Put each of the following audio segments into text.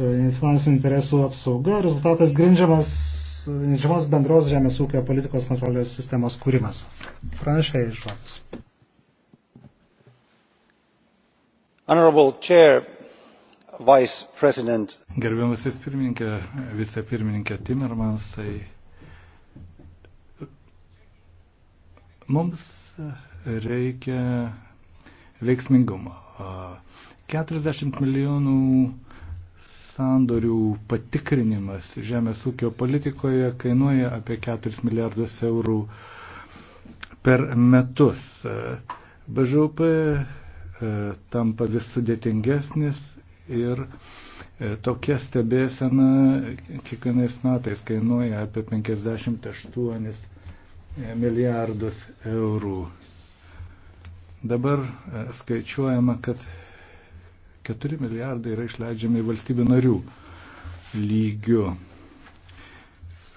E, finansinių interesų apsauga, rezultatas grindžiamas, grindžiamas bendros žemės ūkio politikos kontrolės sistemos kūrimas. Pranešėjai žodis. Gerbiamasis pirmininkė, vicepirmininkė Timmermansai, mums reikia veiksmingumo. 40 milijonų uh, sandorių patikrinimas žemės ūkio politikoje kainuoja apie 4 milijardus eurų per metus. BŽP e, tampa vis sudėtingesnis ir e, tokia stebėsena kiekvienais metais kainuoja apie 58 e, milijardus eurų. Dabar skaičiuojama, kad 4 milijardai yra išleidžiami valstybių narių lygių.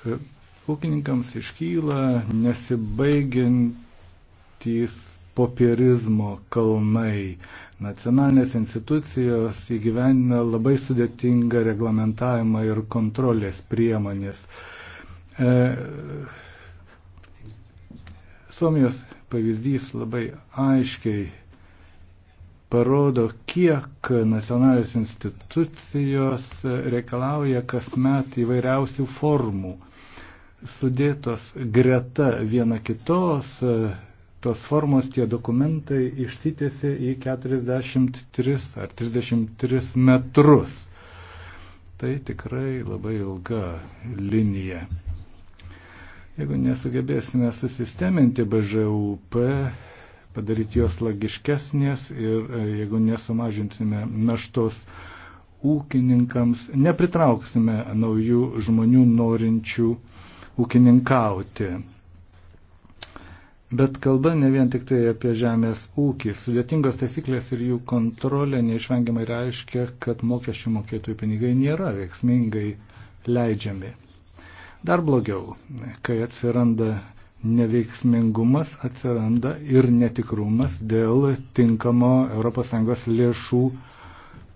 E, ūkininkams iškyla nesibaigintys popierizmo kalnai. Nacionalinės institucijos įgyvenina labai sudėtingą reglamentavimą ir kontrolės priemonės. E, Suomijos pavyzdys labai aiškiai parodo, kiek nacionalinės institucijos reikalauja kasmet įvairiausių formų. Sudėtos greta viena kitos, tos formos tie dokumentai išsitėsi į 43 ar 33 metrus. Tai tikrai labai ilga linija. Jeigu nesugebėsime susisteminti BŽUP, padaryti jos logiškesnės ir e, jeigu nesumažinsime naštos ūkininkams, nepritrauksime naujų žmonių norinčių ūkininkauti. Bet kalba ne vien tik tai apie žemės ūkį. Sudėtingos taisyklės ir jų kontrolė neišvengiamai reiškia, kad mokesčių mokėtojų pinigai nėra veiksmingai leidžiami. Dar blogiau, kai atsiranda neveiksmingumas atsiranda ir netikrumas dėl tinkamo ES lėšų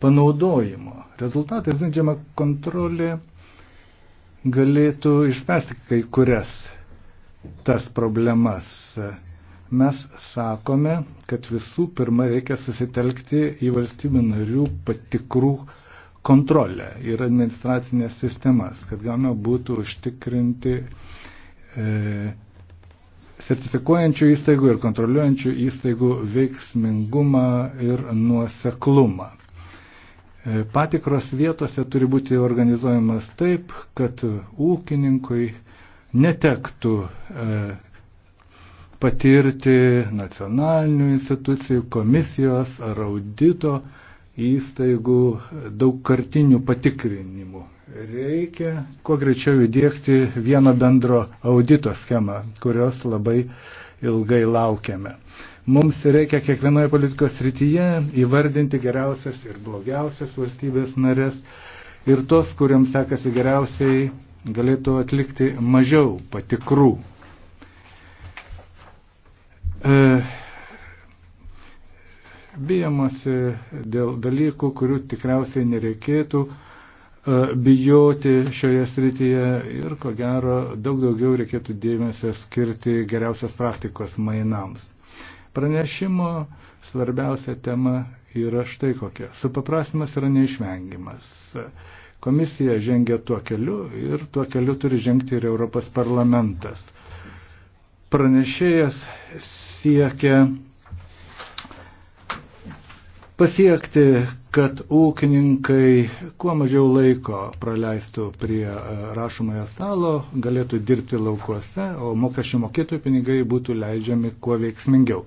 panaudojimo. Rezultatais grindžiama kontrolė galėtų išspręsti kai kurias tas problemas. Mes sakome, kad visų pirma reikia susitelkti į valstybių narių patikrų kontrolę ir administracinės sistemas, kad galima būtų užtikrinti e, sertifikuojančių įstaigų ir kontroliuojančių įstaigų veiksmingumą ir nuoseklumą. E, patikros vietose turi būti organizuojamas taip, kad ūkininkui netektų e, patirti nacionalinių institucijų, komisijos ar audito įstaigų daugkartinių patikrinimų. Reikia kuo greičiau įdėkti vieno bendro audito schemą, kurios labai ilgai laukiame. Mums reikia kiekvienoje politikos srityje įvardinti geriausias ir blogiausias valstybės narės ir tos, kuriams sekasi geriausiai, galėtų atlikti mažiau patikrų. E, bijamasi dėl dalykų, kurių tikriausiai nereikėtų E, bijoti šioje srityje ir ko gero daug daugiau reikėtų dėmesio skirti geriausios praktikos mainams. Pranešimo svarbiausia tema yra štai kokia. Supaprasimas yra neišvengiamas. Komisija žengia tuo keliu ir tuo keliu turi žengti ir Europos parlamentas. Pranešėjas siekia pasiekti, kad ūkininkai kuo mažiau laiko praleistų prie e, rašomojo stalo, galėtų dirbti laukuose, o mokesčių mokėtojų pinigai būtų leidžiami kuo veiksmingiau.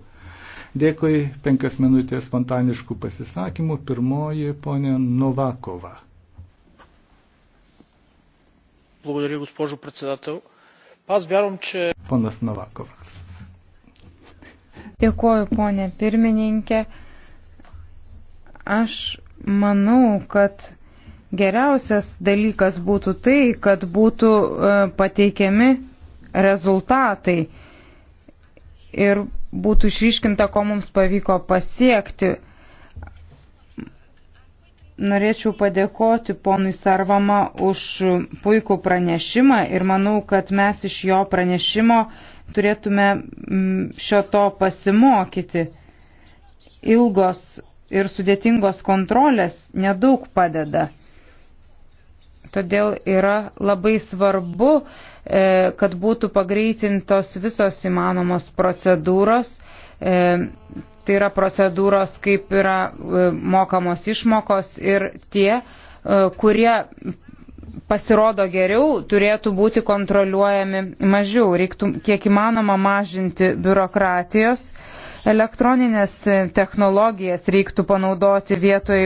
Dėkui, penkias minutės spontaniškų pasisakymų. Pirmoji ponė Novakova. Благодаря, госпожо председател. Аз вярвам, че... Ponas Novakovas. Dėkuoju, ponė pirmininkė. Aš manau, kad geriausias dalykas būtų tai, kad būtų e, pateikiami rezultatai ir būtų išryškinta, ko mums pavyko pasiekti. Norėčiau padėkoti ponui Sarvama už puikų pranešimą ir manau, kad mes iš jo pranešimo turėtume mm, šio to pasimokyti. Ilgos ir sudėtingos kontrolės nedaug padeda. Todėl yra labai svarbu, e, kad būtų pagreitintos visos įmanomos procedūros. E, tai yra procedūros, kaip yra e, mokamos išmokos ir tie, kurie pasirodo geriau, turėtų būti kontroliuojami mažiau. Reiktų kiek įmanoma mažinti biurokratijos. E, Elektroninės technologijas reiktų panaudoti vietoj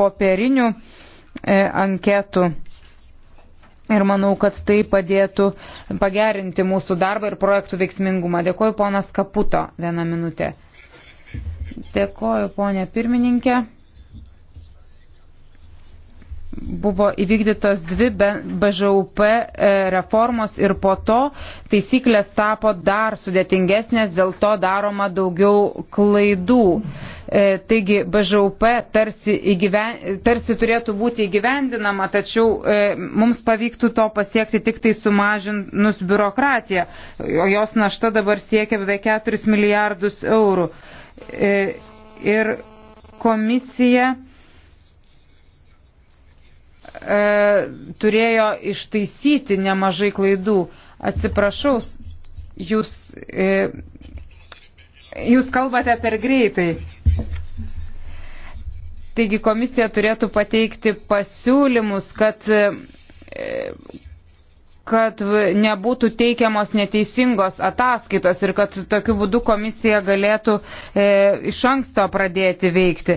popierinių e, anketų. Ir manau, kad tai padėtų pagerinti mūsų darbą ir projektų veiksmingumą. Dėkuoju ponas Kaputo vieną minutę. Dėkuoju ponė pirmininkė buvo įvykdytos dvi BŽUP e, reformos ir po to taisyklės tapo dar sudėtingesnės, dėl to daroma daugiau klaidų. E, taigi BŽUP tarsi, įgyven, tarsi turėtų būti įgyvendinama, tačiau e, mums pavyktų to pasiekti tik tai sumažinus biurokratiją, o jos našta dabar siekia beveik 4 milijardus eurų. Ir komisija e, turėjo ištaisyti nemažai klaidų. Atsiprašau, jūs, e, jūs kalbate per greitai. Taigi komisija turėtų pateikti pasiūlymus, kad, e, kad nebūtų teikiamos neteisingos ataskaitos ir kad tokiu būdu komisija galėtų e, iš anksto pradėti veikti.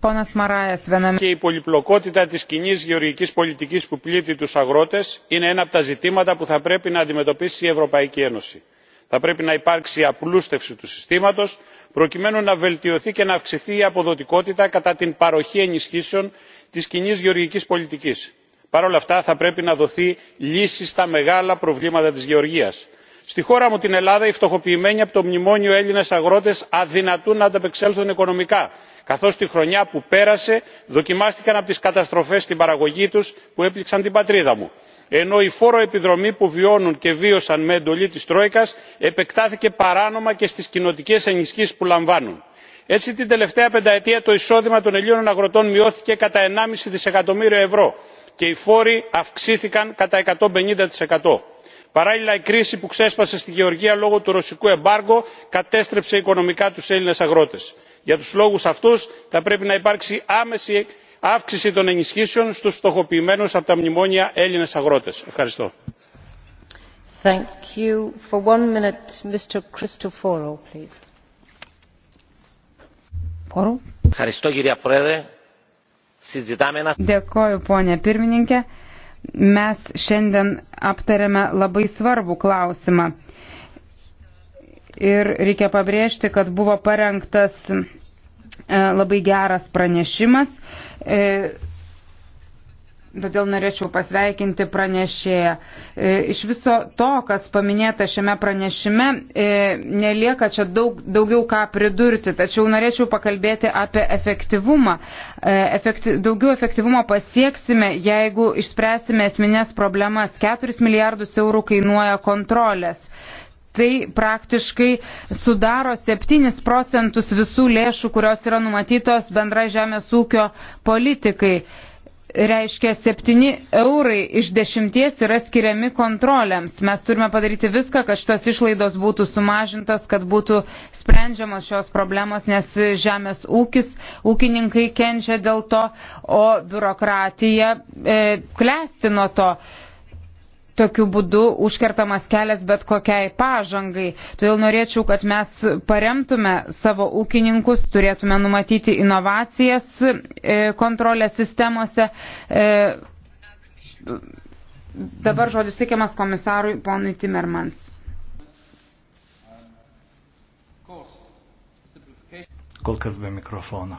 Ponas Μαράες, viename. Και η πολυπλοκότητα της κοινή γεωργικής πολιτικής που πλήττει τους αγρότες είναι ένα από τα ζητήματα που θα πρέπει να αντιμετωπίσει η Ευρωπαϊκή Ένωση. Θα πρέπει να υπάρξει απλούστευση του συστήματος, προκειμένου να βελτιωθεί και να αυξηθεί η αποδοτικότητα κατά την παροχή ενισχύσεων της κοινή γεωργικής πολιτικής. Παρ' όλα αυτά θα πρέπει να δοθεί λύση στα μεγάλα προβλήματα της γεωργίας. Στη χώρα μου την Ελλάδα οι φτωχοποιημένοι από το μνημόνιο Έλληνες αγρότες αδυνατούν να ανταπεξέλθουν οικονομικά καθώς τη χρονιά που πέρασε δοκιμάστηκαν από τις καταστροφές στην παραγωγή τους που έπληξαν την πατρίδα μου ενώ η φόρο επιδρομή που βιώνουν και βίωσαν με εντολή της τρόικας επεκτάθηκε παράνομα και στις κοινοτικές ενισχύσεις που λαμβάνουν. έτσι την τελευταία πενταετία το εισόδημα των ελλήνων αγροτών μειώθηκε κατά ένα μισό δισεκατομμύριο ευρώ και οι φόροι αυξήθηκαν κατά. 150%. παράλληλα η κρίση που ξέσπασε στη γεωργία λόγω του ρωσικού εμπάργκο κατέστρεψε οικονομικά τους έλληνες αγρότες για τους λόγους αυτούς θα πρέπει να υπάρξει άμεση αύξηση των ενισχύσεων στους φτωχοποιημένους από τα μνημόνια έλληνες αγρότες. ευχαριστώ. Dėkoju, ponė pirmininkė. Mes šiandien aptarėme labai svarbų klausimą ir reikia pabrėžti, kad buvo parengtas e, labai geras pranešimas. E, todėl norėčiau pasveikinti pranešėją. E, iš viso to, kas paminėta šiame pranešime, nelieka čia daug, daugiau ką pridurti, tačiau norėčiau pakalbėti apie efektyvumą. Efekti, daugiau efektyvumo pasieksime, jeigu išspręsime esminės problemas. 4 milijardus eurų kainuoja kontrolės tai praktiškai sudaro 7 procentus visų lėšų, kurios yra numatytos bendra žemės ūkio politikai. Reiškia, 7 eurai iš 10 yra skiriami kontroliams. Mes turime padaryti viską, kad šitos išlaidos būtų sumažintos, kad būtų sprendžiamos šios problemos, nes žemės ūkis, ūkininkai kenčia dėl to, o biurokratija e, klesti nuo to. E, tokiu būdu užkertamas kelias bet kokiai pažangai. Todėl norėčiau, kad mes paremtume savo ūkininkus, turėtume numatyti inovacijas e, kontrolės sistemose. E, dabar žodis teikiamas komisarui ponui Timmermans. Kol kas be mikrofono.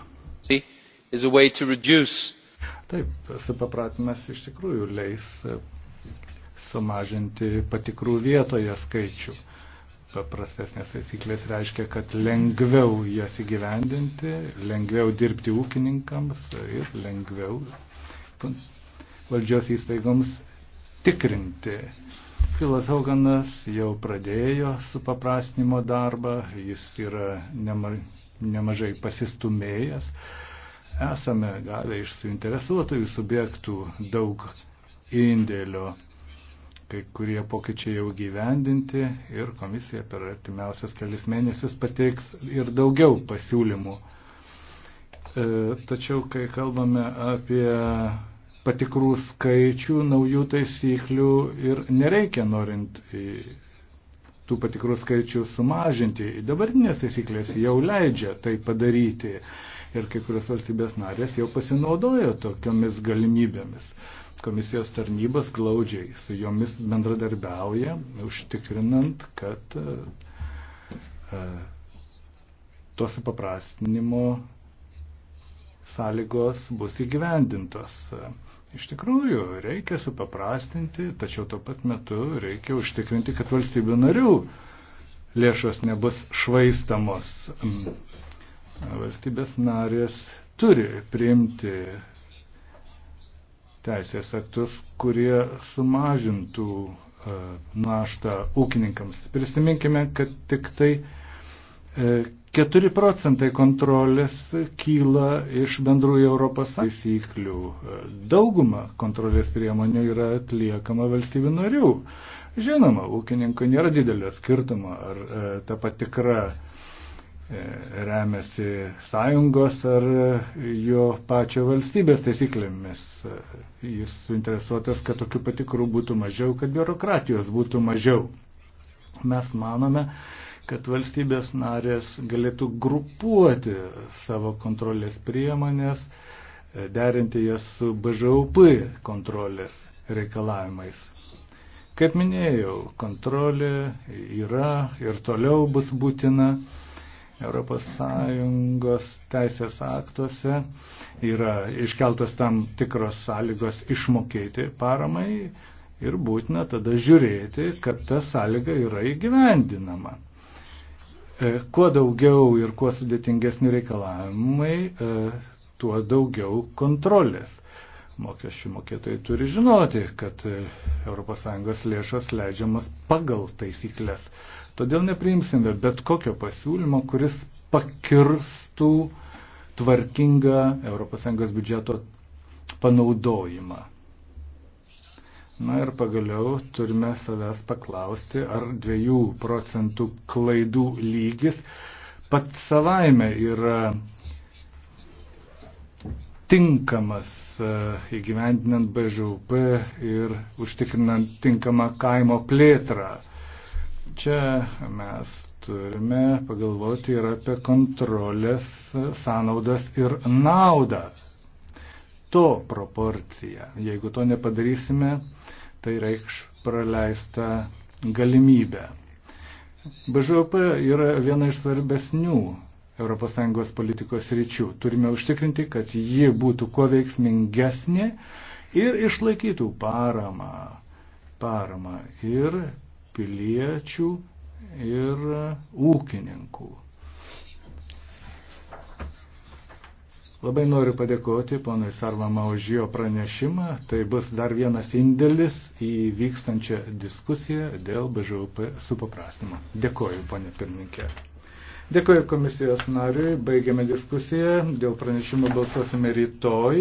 Taip, supapratimas iš tikrųjų leis sumažinti patikrų vietoje skaičių. Paprastesnės taisyklės reiškia, kad lengviau jas įgyvendinti, lengviau dirbti ūkininkams ir lengviau valdžios įstaigoms tikrinti. Filas Hauganas jau pradėjo su paprastinimo darbą, jis yra nema, nemažai pasistumėjęs. Esame gavę iš suinteresuotųjų subjektų daug indėlio kai kurie pokyčiai jau gyvendinti ir komisija per artimiausius kelias mėnesius pateiks ir daugiau pasiūlymų. E, tačiau, kai kalbame apie patikrų skaičių, naujų taisyklių ir nereikia norint tų patikrų skaičių sumažinti. Dabartinės taisyklės jau leidžia tai padaryti ir kai kurios valstybės narės jau pasinaudojo tokiomis galimybėmis. Komisijos tarnybas glaudžiai su jomis bendradarbiauja, užtikrinant, kad e, tos paprastinimo sąlygos bus įgyvendintos. Iš tikrųjų, reikia supaprastinti, tačiau tuo pat metu reikia užtikrinti, kad valstybių narių lėšos nebus švaistamos. Mm. Valstybės narės turi priimti teisės aktus, kurie sumažintų e, naštą ūkininkams. Prisiminkime, kad tik tai 4 e, procentai kontrolės kyla iš bendrųjų Europos taisyklių. E, dauguma kontrolės priemonių yra atliekama valstybių narių. Žinoma, ūkininkui nėra didelio skirtumo, ar ta patikra uh, E, remiasi sąjungos ar jo pačio valstybės taisyklėmis. Jis suinteresuotas, kad tokių patikrų būtų mažiau, kad biurokratijos būtų mažiau. Mes manome, kad valstybės narės galėtų grupuoti savo kontrolės priemonės, e, derinti jas su BŽUP kontrolės reikalavimais. Kaip minėjau, kontrolė yra ir toliau bus būtina. ES teisės aktuose yra iškeltos tam tikros sąlygos išmokėti paramai ir būtina tada žiūrėti, kad ta sąlyga yra įgyvendinama. E, kuo daugiau ir kuo sudėtingesni reikalavimai, e, tuo daugiau kontrolės mokesčių mokėtojai turi žinoti, kad ES lėšos leidžiamas pagal taisyklės. Todėl nepriimsime bet kokio pasiūlymo, kuris pakirstų tvarkingą ES biudžeto panaudojimą. Na ir pagaliau turime savęs paklausti, ar 2 procentų klaidų lygis pats savaime yra tinkamas E, įgyvendinant BŽUP ir užtikrinant tinkamą kaimo plėtrą. Čia mes turime pagalvoti ir apie kontrolės sąnaudas ir naudą. To proporcija. Jeigu to nepadarysime, tai reikš praleistą galimybę. BŽUP yra viena iš svarbesnių ES politikos ryčių. Turime užtikrinti, kad ji būtų kuo veiksmingesnė ir išlaikytų paramą, paramą ir piliečių, ir ūkininkų. Labai noriu padėkoti ponui Sarvama už jo pranešimą. Tai bus dar vienas indėlis į vykstančią diskusiją dėl BŽUP supaprastimo. Dėkoju, ponė pirmininkė. Dėkuoju komisijos nariui, baigiame diskusiją, dėl pranešimo balsuosime rytoj.